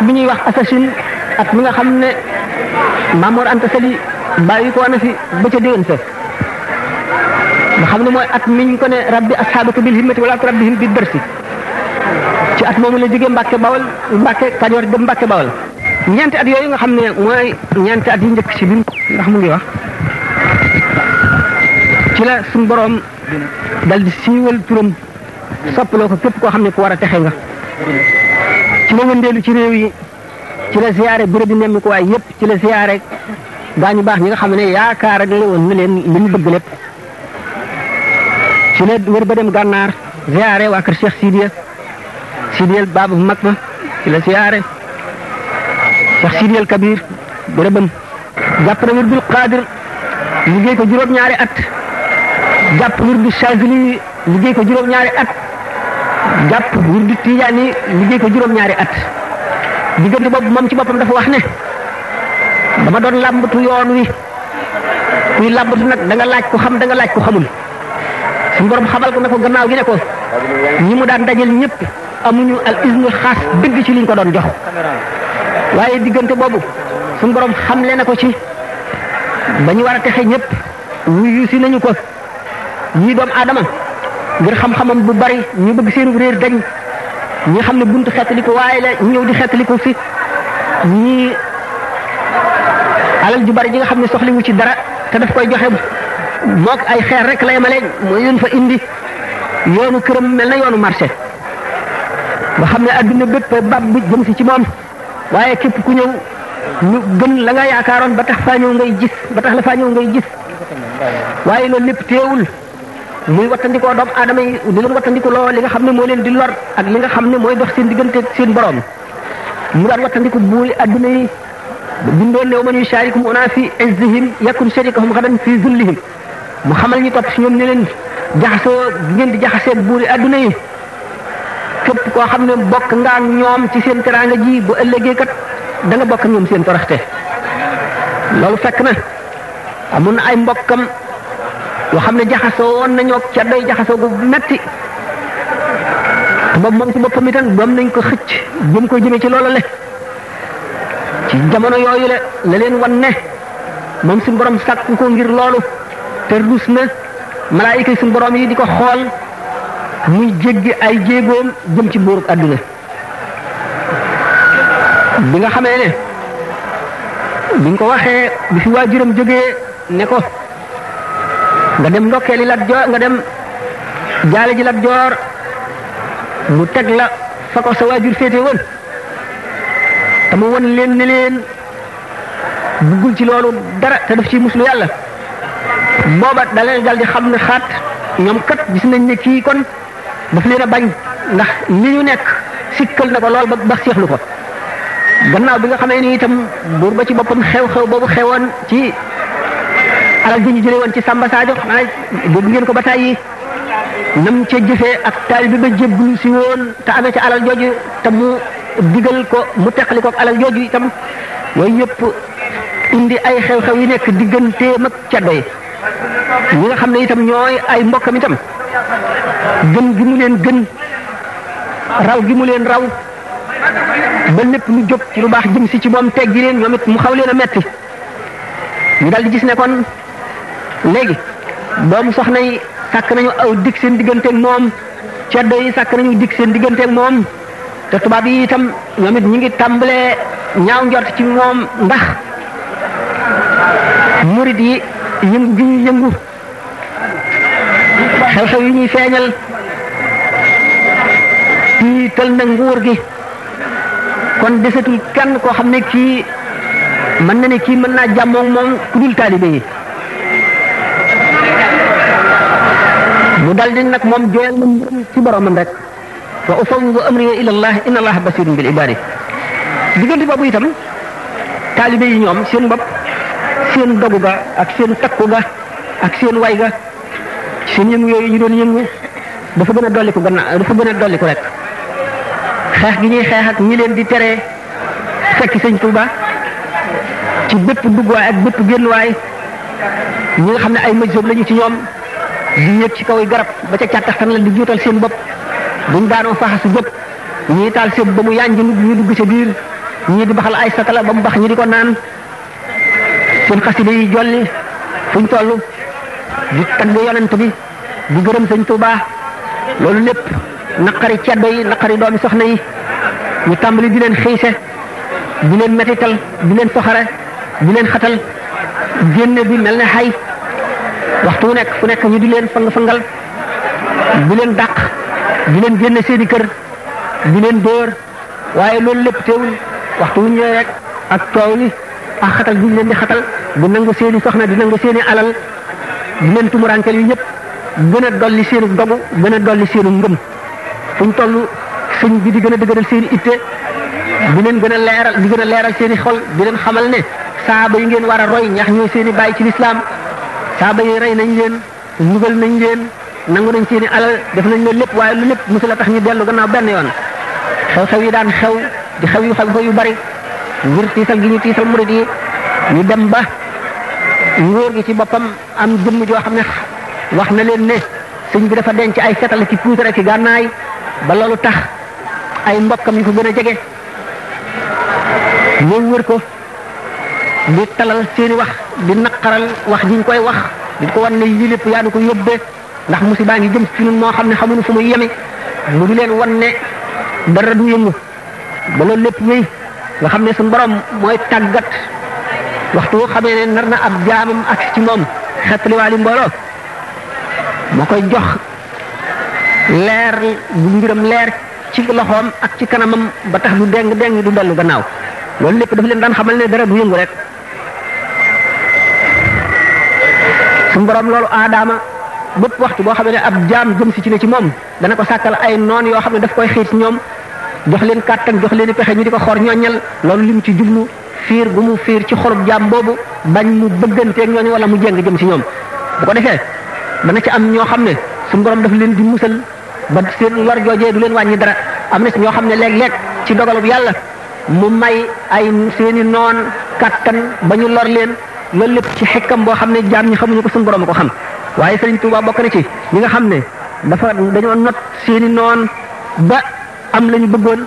Speaker 1: ak ñuy wax assasine ak mi nga xam ne Maamoor Anta Sali bàyyi ko na fi ba ca déwén nga xam ne mooy at miñ ko ne rabbi asxaabaka bil himmati wala rabbihim bi dërsi ci at moomu la jógee Mbàkke Bawol Mbàkke Kajoor dem Mbàkke Bawol ñeenti at yooyu nga xam ne mooy ñeenti at yi njëkk ci bi ndax mu ngi wax ci la suñu boroom dal di siiwal turam soppaloo ko képp koo xam ne ku war a texe nga ci la wëndeelu ci réew yi ci la siyaare béréb yi ko waay yëpp ci la siyaare daañu baax ñi nga xam ne yaakaar rek la woon leen li ñu bëgg lépp ci la wër dem gànnaar siyaare waa kër Cheikh Sidiya Sidiyal Baaba bu mag ba ci la siyaare Cheikh Sidiyal Kabir bërëbam jàpp na wirdul liggéey ko juróom-ñaari at jàpp wirdu Chazili liggéey ko juróom-ñaari at jàpp wirdu tijaani liggéey ko juróom-ñaari at diggante boobu moom ci boppam dafa wax ne dama doon làmbatu yoon wi kuy làmbatu nag danga laaj ko xam danga laaj ko xamul suñu borom xamal ko ko gannaaw gi ne ko ñi mu daan dajal ñëpp amuñu al isnu xaas dëgg ci liñ ko doon jox waaye diggante boobu suñu borom xamle na ko ci ba ñu war a texe ñëpp wuyu si nañu ko ñii doom aadama ngir xam-xamam bu bari ñu bëgg seen réer dañ ñi xam ne buntu ko waaye la ñu ñëw di ko fi ñii alal ju bari ji nga xam ne soxliwu ci dara te daf koy joxe mook ay xeer rek lay malee mooy yoon fa indi yoonu këram mel na yoonu marché nga xam ne adduna bëpp bab bu jëm si ci moom waaye képp ku ñëw ñu gën la nga yaakaaroon ba tax faa ñëw ngay gis ba tax la faa ñëw ngay gis waaye loolu lépp teewul muy wattandikoo doomu aadama yi loo li nga xam ne moo leen di lor ak li nga xam ne mooy dox seen diggante seen borom mu daan wattandiku buuli adduna yi bindoon ne waman yusharikum una fi izzihim yakun sharikahum xadan fi zullihim mu xamal ñu topp si ñoom ne leen jaxasoo ngeen di jaxasee buuri adduna yi képp ko xam ne bokk nga ñoom ci seen teraanga ji bu ëllëgee kat da nga bokk ñoom seen toroxte loolu fekk na amoon na ay mbokkam yoo xam ne jaxasoo woon nañoo ca day jaxasoo gu metti ba moom ci boppam itam doom nañ ko xëcc jëm ko jëmee ci loola le ci jamono yooyu le la leen wan ne moom suñu borom sàkk ko ngir loolu te ruus na malaayika suñu borom yi di ko xool muy jéggi ay jéegoom jëm ci buurub àdduna bi nga xamee ne biñ ko waxee bi fi jóge ne ko nga dem ndokkeeli Lat Joor nga dem jaale ji Lat Joor mu teg la fa ko sa waajur féete woon te mu won leen ne leen buggul ci loolu dara te daf ci muslu yàlla booba da leen dal xam ne xaat ñoom kat gis nañ ne kii kon daf leen a bañ ndax ni ñu nekk sikkal na ko lool ba ba seexlu ko gannaaw bi nga xamee ni itam buur ba ci boppam xew-xew boobu xewoon ci alal ji ñu jëlee woon ci Samba Sadio xanaa dégg ngeen ko ba tàyyi nam cee jëfee ak taalibe ba jébbul si woon te amee ca alal jooju te mu digal ko mu teqali ko ak alal jooju itam yooyu yëpp indi ay xew-xew yi nekk digganteem ak caddo yi ñi nga xam ne itam ñooy ay mbokkam itam gën gi mu leen gën raw gi mu leen raw ba lépp lu jóg ci lu baax jëm si ci moom teggi leen ñoom mu xaw leen a metti ñu daal di gis ne léegi doomu soxna yi sàkk nañu aw dig seen digganteeg moom ceddo yi sàkk nañu dig seen digganteeg moom te tubaab yi itam ñoom it ñu ngi tàmbalee ñaaw njort ci moom ndax murid yi yëngu gi ñuy yëngu xew-xew yi ñuy feeñal tiital na nguur gi kon desatul kenn koo xam ne kii mën na ne kii mën naa jàmmoog moom ku dul yi mu dal di nag moom jooyal ma mbiram ci boromam rek wa ufawwidu amri ila allah inna allah basirun bil ibadi diggante boobu itam taalibe yi ñoom seen bopp seen dogu ga ak seen takku ga ak seen way ga seen yëngu yooyu ñu doon yëngu dafa gën a dolliku gannaaw dafa gën a dolliku rek xeex gi ñuy xeex ak leen di tere fekki sëñ Tuuba ci bépp dugg waay ak bépp génn waay ñi xam ne ay majjub lañu ci ñoom. di yéeg ci kaw yi garab ba ca càttaxtan la di juutal seen bopp buñ daanoo faxasu jëpp ñii taal seen ba mu yànj nit ñi dugg ca biir ñii di baxal ay satala ba mu bax ñi di ko naan seen xasida yi jolli fuñ toll di tagg yonent bi di gërëm sëñ Tuubaa loolu lépp naqari ceddo yi naqari doomi soxna yi ñu tàmbali di leen xiise di leen metital di leen soxare di leen xatal génne bi mel ne xay waxtu wu nekk fu nekk di leen fëng-fëngal di leen dàq di leen génne seeni kër di leen door waaye loolu lépp teewul waxtu wu ñëwee ak coow ni ak xatal gi ñu leen di xatal di nangu seeni soxna di nangu seeni alal di leen tumuraankeel yi ñëpp gën a dolli seenu dogu gën a dolli seenu ngëm fu mu toll sëñ bi di gën a dëgëral seeni itte di leen gën a leeral di gën a leeral seeni xol di leen xamal ne saaba yi ngeen war a roy ñax ñoo seeni bàyyi ci lislaam saaba yi rey nañ leen mbugal nañ leen nangu nañ seeni alal def nañ leen lépp waaye lu lépp a tax ñu dellu gannaaw benn yoon xew xew yi daan xew di xew yu xew yu bari ngir tiisal gi ñu tiisal murid yi ñu dem ba nguur gi ci boppam am jëmm joo xam ne wax na leen ne sëñ bi dafa denc ay setal ci puusare ci gànnaay ba loolu tax ay mbokkam yu ko gën a jege ñoom wër ko di talal seeni wax di naqaral wax jiñ koy wax di ko wan ne yii lépp yaa ko yóbbee ndax musiba ngi jëm ci ñun moo xam ne xamuñu fu muy yeme mu di leen wan ne dara du yëngu ba lépp wéy nga xam ne suñu borom mooy tàggat waxtu woo xamee ne nar na ab jaamam ak ci moom xettaliwaali mbooloo moo koy jox leer bu mbiram leer ci loxoom ak ci kanamam ba tax du deng deng du dellu gannaaw loolu lépp daf leen daan xamal ne dara du yëngu rek. suñu borom loolu aadaama bépp waxtu boo xam ne ab jaam jëm si ci ne ci moom dana ko sàkkal ay noon yoo xam ne daf koy xiit ñoom jox leen kàttan jox leen i pexe ñu di ko xor ñooñal loolu lim ci ci xolub jaam boobu bañ mu ñoo xam ne suñu borom daf leen di musal ba seen lor joojee du leen wàññi dara am na si ñoo xam ne léeg-léeg ci dogalub yàlla mu may ay seeni noon kàttan ba ñu lor leen loolu lépp ci xekkam boo xam ne jaam ñi xamuñu ko suñu borom ko xam waaye Serigne Touba bokk na ci ñi nga xam ne dafa dañoo not seeni noon ba am la bëggoon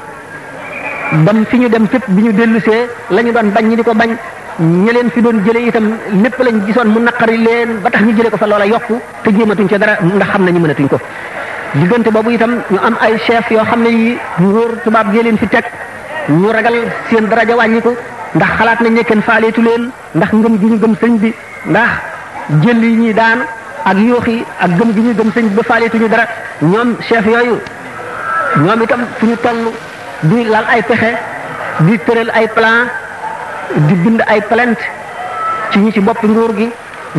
Speaker 1: bam fi ñu dem fépp bi ñu dellusee la ñu doon bañ ñi di ko bañ ña leen fi doon jëlee itam lépp lañ gisoon mu naqari leen ba tax ñu jëlee ko fa loola yokku te jéematuñ ca dara ndax xam nañu mënatuñ ko. diggante boobu itam ñu am ay chef yoo xam ne yi nguur tubaab gee fi teg ñu ragal seen daraja wàññi ko ndax xalaat nañ ne kenn faaleetu leen ndax ngëm gi ñu gëm sëñ bi ndax jël yi ñuy daan ak yoox yi ak gëm gi ñu gëm sëñ bi ba faaleetuñu dara ñoom chef yooyu ñoom itam fu ñu toll di lal ay pexe di tëral ay plan di bind ay plainte ci ñi ci bopp nguur gi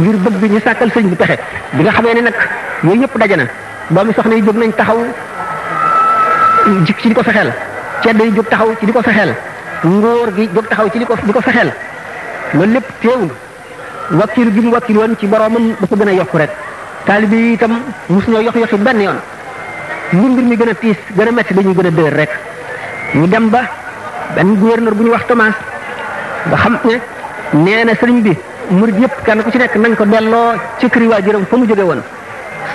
Speaker 1: ngir bëgg ñu sàkkal sëñ bu pexe bi nga xamee ne nag yooyu yëpp daje na doomi soxna yi jóg nañ taxaw ci di ko fexeel cedd yi jóg taxaw ci di ko fexeel ngóor gi jóg taxaw ci li ko di ko fexeel loolu lépp teewul wakkilu gi mu wakkil woon ci boromam dafa gën a yokku rek taalibe yi itam mosuñoo yox yoxi benn yoon lu mbir mi gën a tiis gën a metti dañuy gën a dëër rek ñu dem ba benn gouverneur bu ñu wax Thomas nga xam ne na sëriñ bi murid yëpp kenn ku ci nekk nañ ko delloo ci kër waajuram fa mu jóge woon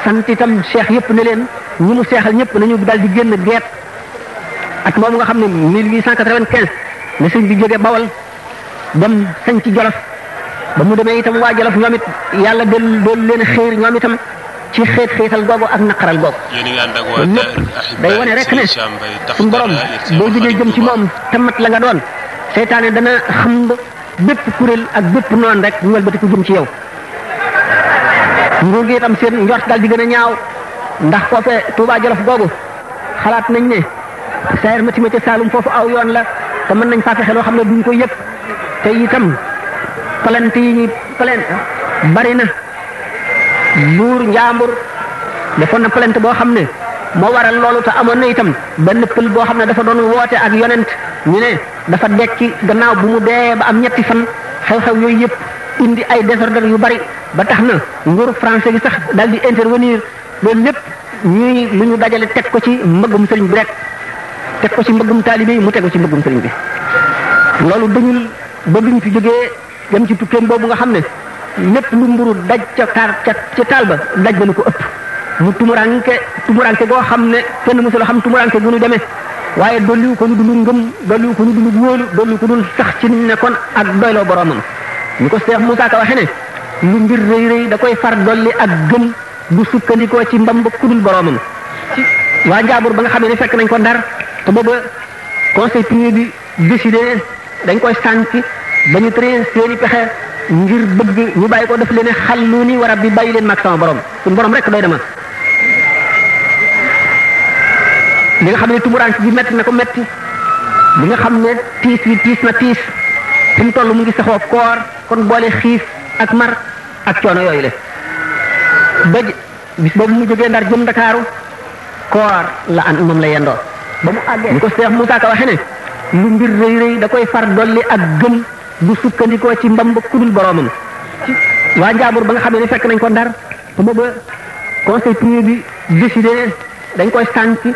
Speaker 1: sant itam cheikh yëpp ne leen ñi mu seexal ñëpp nañu dal di génn geet ak moom nga xam ne 1895 la sëñ bi jóge bawal dem sañ ci jolof ba mu demee itam waa jolof ñoom yàlla del doon leen xiir ñoom itam ci xeet xeetal googu ak naqaral googu
Speaker 2: loolu lépp day wane rek ne suñu borom boo jógee jëm ci moom
Speaker 1: te mat la nga doon seytaane ba bépp kuréel ak bépp noon rek ñu wëlbati jëm ci yaw nguur gi itam seen njort dal di gën a ñaaw ndax foofe Touba Jolof googu xalaat nañ ne sayer ma ci Saalum foofu aw yoon la te mën nañ faa fexe loo xam ne duñ koy yëg te itam plainte yi ñuy plainte bari na buur njaambur defoon na plainte boo xam ne moo waral loolu te amoon na itam benn pël boo xam ne dafa doon wootee ak yonent ñu ne dafa dekki gannaaw bu mu dee ba am ñetti fan xew-xew yooyu yëpp indi ay désordre yu bari ba tax na nguur français gi sax dal di intervenir loolu lépp ñuy lu ñu dajale teg ko ci mbëggum sëriñ bi rek teg ko ci mbëggum taalibe yi mu tegu ci mbëggum sëriñ bi loolu dañul ba bi mu fi jógee dem ci tukkeem boobu nga xam ne lépp lu mburu daj ca kaar ca ca taal ba daj na lu ko ëpp mu tumuranke tumuranke goo xam ne kenn mësul xam tumuranke gu nu demee waaye dolliwu ko nu dundu ngëm dolliwu ko nu dundu wóolu dolliwu ko dul sax ci nekkoon ak doyloo boromam ñu ko Seex Musaa Ka waxe ne lu mbir rëy rëy da koy far dolli ak gëm bu sukkandikoo ci mbam ba kudul boromam waa njaabur ba nga xam ne fekk nañ ko ndar te booba conseil bi décidé dañ koy sànci ba ñu traité seen pexe ngir bëgg ñu bàyyi ko def leen xallu ni wara bi bàyyi leen mag sama borom suñu borom rek doy dama li nga xam ne tumuraan bi metti na ko metti li nga xam ne tiis bi tiis na tiis fi mu toll mu ngi saxoo koor kon boole xiif ak mar ak coono yooyu le bëj boobu mu jógee ndar jëm ndakaaru koor la an moom la yendoo ba mu àggee ni ko Cheikh Moussa Ka waxee ne lu mbir rëy rëy da koy far dolli ak gëm bu sukkandikoo ci mbam ba kudul boroomam waa njaambur ba nga xam ne fekk nañ ko ndar ba ba conseil privé bi décidé dañ koy sànci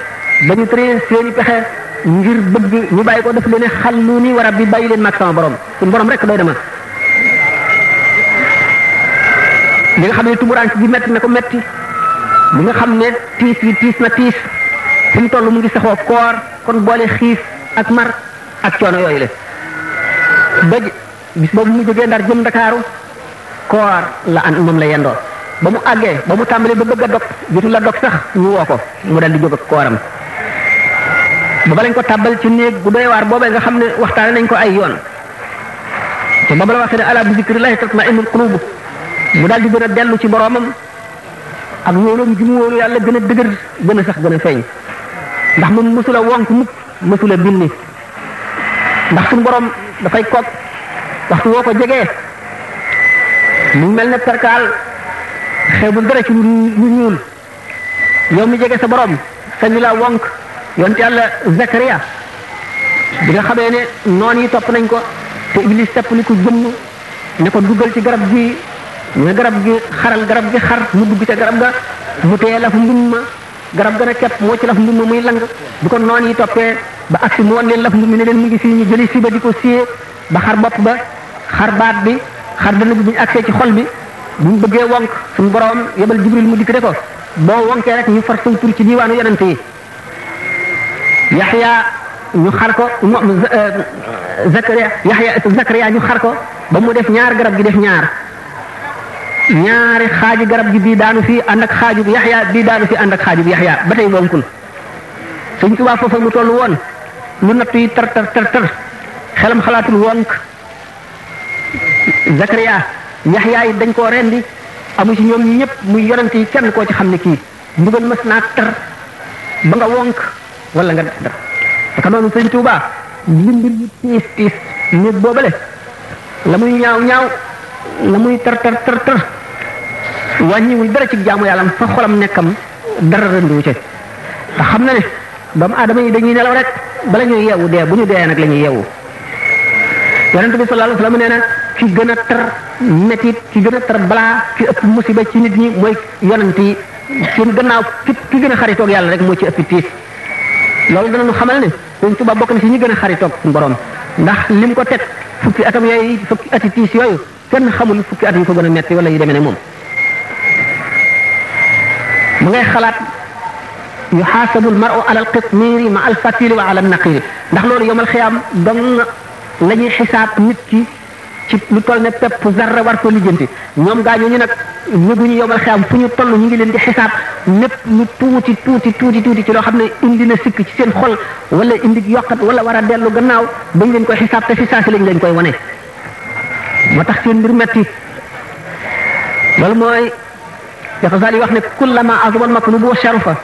Speaker 1: ba ñu traité pexe ngir bëgg ñu bàyyi ko def leen xalluuni wa rabbi bàyyi leen mag sama borom suñu borom rekk doy dama li nga xam ne tumuraanc bi metti na ko metti bu nga xam ne tiis yi tiis na tiis fi mu toll mu ngi saxoo koor kon boole xiif ak mar ak coono yooyu la ba bis boobu mu jógee ndar jëm ndakaaru koor la an moom la yendoo ba mu àggee ba mu tàmbalee bëgg a dog jotu la dog sax ñu woo ko mu dal di jóg ak kooram ba lañ ko tàbbal ci néeg bu doy waar boobee nga xam ne waxtaane nañ ko ay yoon te booba la waxee ne ala bi zikrillahi tatma'innul qulub mu daal di gën a dellu ci boromam ak wóoloom ji mu wóolu yàlla gën a dëgër gën a sax gën a feeñ ndax moom mësula wonk mukk mësula binni ndax suñu borom dafay koog waxtu woo ko jegee mu mel ne perkaal xeebul dara ci lu ñuul yow mi jege sa borom sañu la wonk yonent yàlla Zakaria bi nga xamee ne noon yi topp nañ ko te iblis teppaliku jëmm ne ko duggal ci garab gi mu ne garab gi xaral garab gi xar mu dugg ca garab ga mu teye la fu mbin garab gën a kepp moo ci laf ndund muy lang bu ko noon yi toppee ba agsi mu wan leen laf ndund ne leen mu ngi fii ñu jëli si ba di ko siyee ba xar bopp ba xar baat bi xar dana bi bu ñu ci xol bi buñ bëggee wonk suñu borom yebal jibril mu dikk ne boo wonkee rek ñu far saw tur ci diiwaanu yonent yi yaxya ñu xar ko euh, zakariya yaxya zakariya ñu xar ko ba mu def ñaar garab gi def ñaar ñaari xaaji garab gi bii daanu fii ànd ak xaajub yaxya bii daanu fii ànd ak xaajub yaxya ba tey bonkul sëñ Tuubaa foofa mu toll woon lu natt yi tar tar tar tar xelam xalaatul wonk Zakariya yaxya yi dañ koo rendi amu ci ñoom ñi ñëpp muy yonent yi kenn koo ci xam ne kii mbugal mës naa tar ba wonk wala nga def dara parce que noonu sëñ Tuubaa boobale la muy ñaaw ñaaw la muy tër tër tër tër dara ci jaamu yàlla fa xolam nekkam dara rënduwu ca te xam na ne doomu aadama yi dañuy nelaw rek ba ñuy yeewu dee bu ñu dee nag la ñuy yeewu yonent bi sallallahu alayhi wasallam nee na ci gën a tar métit ci gën a tar balaa ki ëpp musiba ci nit ñi mooy yonent yi seen gannaaw ki ki gën xaritoog yàlla rek moo ci ëpp tiis loolu danañu xamal ne Sëriñ Tuubaa bokk na ci ñi gën a xaritoog suñu ndax lim ko teg fukki atam yooyu fukki ati kenn xamul fukki at yu ko gën a metti wala yu demee ne moom mu ngay xalaat yu xaasabul maru ala al qitmiri ma al fatili wa ala al naqiri ndax loolu yomal xiyaam dong la ñuy xisaab nit ki ci lu toll ne pepp zarra war ko lijjanti ñoom gaañu ñu nag yëguñu yomal xiyaam fu ñu toll ñu ngi leen di xisaab lépp lu tuuti tuuti tuuti tuuti ci loo xam ne indi na sikk ci seen xol wala indi yokkat wala war a dellu gannaaw bañ leen koy xisaab te si saa si lañ leen koy wane. moo tax seen mbir metti loolu mooy ya Xasaali wax ne kullama azama al-matlubu wa sharafa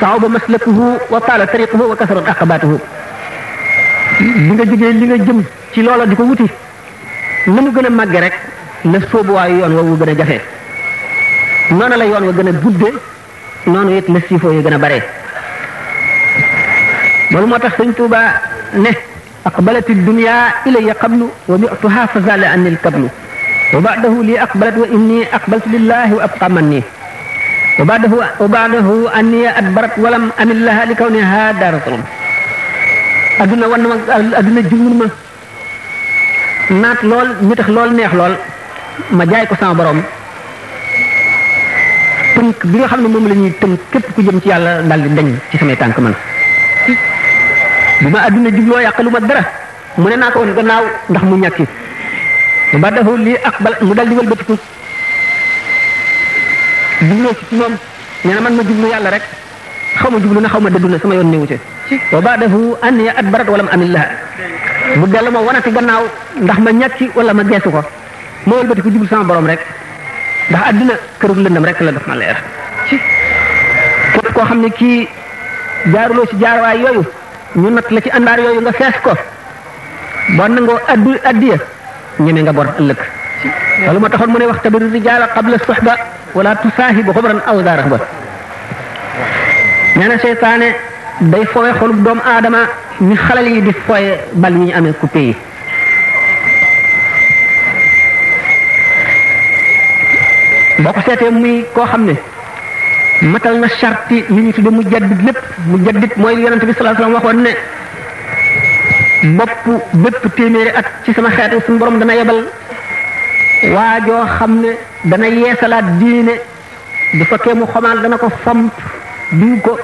Speaker 1: sa'uba maslakuhu wa taala tariquhu wa kasarat aqabatuhu li nga jógee li nga jëm ci loola di ko wuti na mu gën a màgge rek la sóobuwaayu yoon woowu gën a jafe noonu la yoon wa gën a gudde noonu it la siifoo yi gën a bare loolu moo tax sëñ Tuuba ne أقبلت الدنيا إلي قبل وبعتها فزال عني الكبل وبعده لي أقبلت وإني أقبلت لله وأبقى مني وبعده وبعده أني أدبرت ولم أمل لها لكونها دار ظلم أدنى ون أدنى جمهور ما naat lool ñu tax lool neex lool ma jaay ko sama borom tënk bi nga xam ne moom la ñuy tënk képp ku jëm ci yàlla daal di dañ ci samay tànk man bi ma adduna jubloo yàq lu ma dara mu ne naa ko woon gannaaw ndax mu ñàkki ba dafa lii ak mu dal di wëlbatiku jubloo ci moom nee man ma jublu yàlla rek xaw ma jublu na xaw ma dëddu na sama yoon néewu ci wa baadahu anni adbarat wala ma amillah mu dellu ma wanati gannaaw ndax ma ñàkki wala ma geesu ko ma wëlbatiku jublu sama borom rek ndax adduna kërug lëndam rek la def ma leer képp koo xam ne kii jaaruloo ci jaarwaay yooyu ñu natt la ci andaar yooyu nga fees ko boo nangoo addu addiya ñeme nga bor ëllëg loolu moo taxoon mu ne wax tabir rijaala qabla suhba wala tusaahibu xubran aw zarahba nee na seytaane day fooye aadama ni xalal yi di fooye bal yi ñu amee coupé yi boo ko seetee muy koo xam ne matal na charti li ñu tudde mu jaddit lépp mu jaddit mooy yonente bi sallallahu alayhi wasallam waxoon ne bopp bépp téeméeri at ci sama xeet wi suñu borom dana yebal waajoo xam ne dana yeesalaat diine bu fekkee mu xomaal dana ko fomp diw ko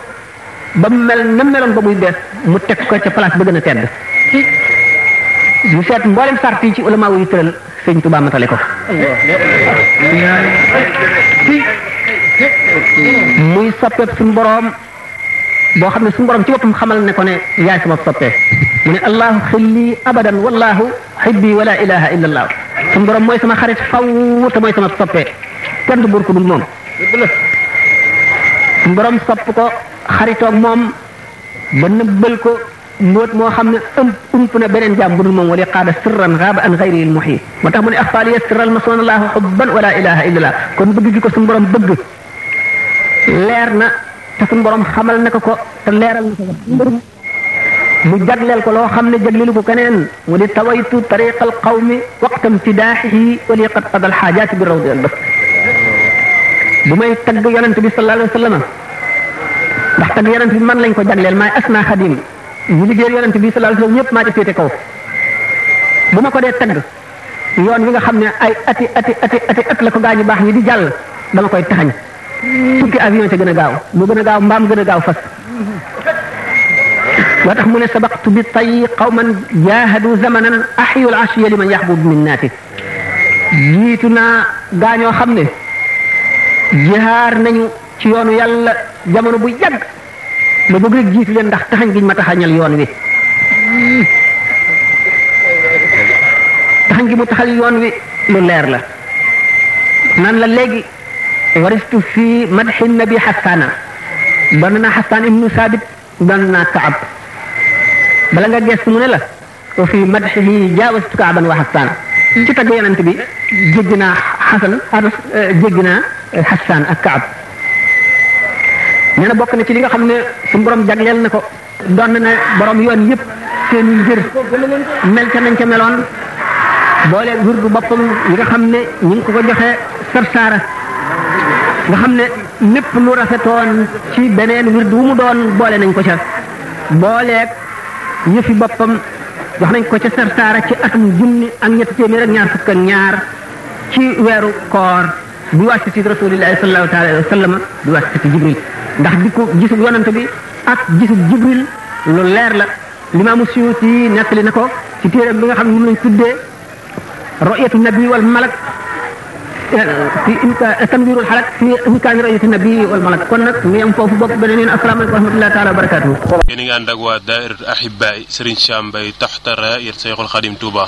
Speaker 1: ba mel na meloon ba muy bees mu teg ko ca place ba gën a tedd mu seet mboolem sart yi ci ulama wu yu tëral sëñ Tuubaa ko muy soppeeb suñu boroom boo xam ne suñu boroom ci boppam xamal ne ko ne yaay sama soppee mu ne allahu xilli abadan wallahu xibbi wala ilaha illa allah suñu boroom mooy sama xarit faw te mooy sama soppee kenn du buur ko dul moom suñu boroom sopp ko xaritoog moom ba nëbbal ko mbóot moo xam ne ëm ump na beneen jaam bu dul moom wala qaada sirran gaaba an gayri il muhi moo tax mu ne axfaaliya sirral ma soon allahu xubban wala ilaha illa allah kon bëgg gi ko suñu boroom bëgg leer na te suñu borom xamal na ko ko te leeral na ko ko mu jagleel ko loo xam ne jagleelu ko keneen mu di tawaytu tariqal qawmi waqtam tidaaxihi wali qad qadal xaajaati bi rawdi albas bu may tagg yonent bi sallallahu alayhi wa sallam ndax tagg yonent bi man lañ ko jagleel maay asna xadim ñu liggéey yonent bi sallallahu alayhi wa sallam ñëpp maa ci féete kaw bu ma ko dee tagg yoon wi nga xam ne ay ati ati ati at la ko gaañu baax ñi di jàll dama koy taxañ tukki avion ci gën a gaaw mu gën a gaaw mbaam gën a gaaw fas moo tax mu ne sabaqtu bi tay qawman jaahadu zamanan axiyul asiya liman yaxbub min naati jiitu naa gaañoo xam ne jihaar nañu ci yoonu yàlla jamono bu yàgg ma bëgg rek jiitu leen ndax taxañ giñ ma taxañal yoon wi taxañ gi mu taxal yoon wi lu leer la nan la léegi waristu fi madxi nabi xasaana doon naa xasaan ibnu saabit doon kaab bala gestu mu ne la wa fi madxihi jaawastu kaaban wa xasaana ci tagg yonent bi jéggi naa xasan aras jéggi naa kaab nee bokk na ci li nga xam ne suñu borom jagleel na ko doon na borom yoon yëpp seen njër mel ca nañ ca meloon boole wurdu boppam yi nga xam ne ñu ko ko joxe nga xam ne lépp lu rafetoon ci beneen wird wu mu doon boole nañ ko ca booleeg yëfi boppam wax nañ ko ca sartaara ci atum junni ak ñetti téeméer ak ñaar fukk ak ñaar ci weeru koor bi wasiti rasulillahi sallallahu taala alayhi wa sallam bi wasiti jibril ndax di ko bi ak gisub jibril lu leer la limaamu suyuti nettali na ko ci téeram nga xam ne moom lañ tuddee royatu nabi wal malak Eh, tanwirul xalak fi imkaani ra'yati nabi wal malak kon nag mu yem foofu bopp beneen yéen asalaamaaleykum wa rahmatullahi taala wa barakaatu.
Speaker 2: yéen a ngi ànd ak waa daayiratu Ahibaay Serigne Sam Mbaye taxta raayat Seyxul Xadim Touba.